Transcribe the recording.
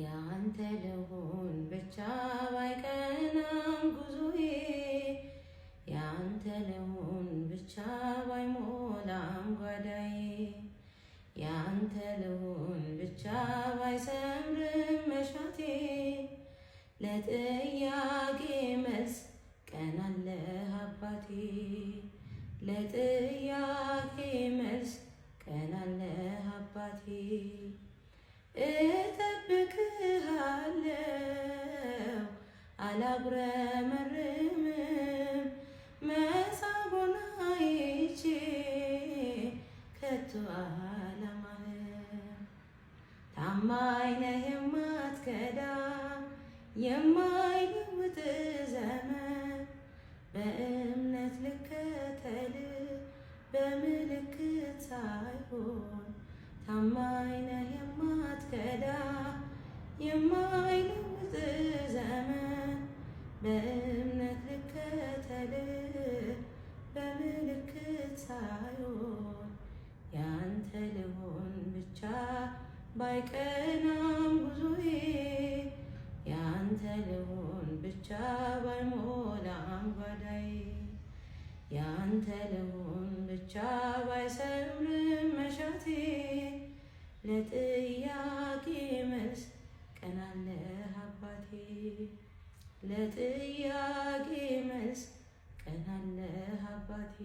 ያንተ ልሆን ብቻ ባይቀናም ጉዞዬ ያንተ ልሁን ብቻ ባይሞላም ጓዳዬ ያንተ ልሁን ብቻ ባይሰምርም መሻቴ ለጥያቄ መልስ ቀናለህ አባቴ ለጥያቄ መልስ ቀናለህ አባቴ እጠብቅሃለው አላጉረመርምም መሳጎና ይቼ ከቶ አላማህም ታማኝ ነህ የማትከዳ የማይለውጥ ዘመን በእምነት ልከተል በምልክት ሳይሆን ታማኝ ነህ ሳይሆን ያንተ ልሆን ብቻ ባይቀናም ጉዞዬ ያንተ ልሆን ብቻ ባይሞላም ጓዳዬ ያንተ ልሆን ብቻ ባይሰምርም መሻቴ ለጥያቄ መልስ ቀናለህ አባቴ ለጥያቄ መልስ ቀናለህ አባቴ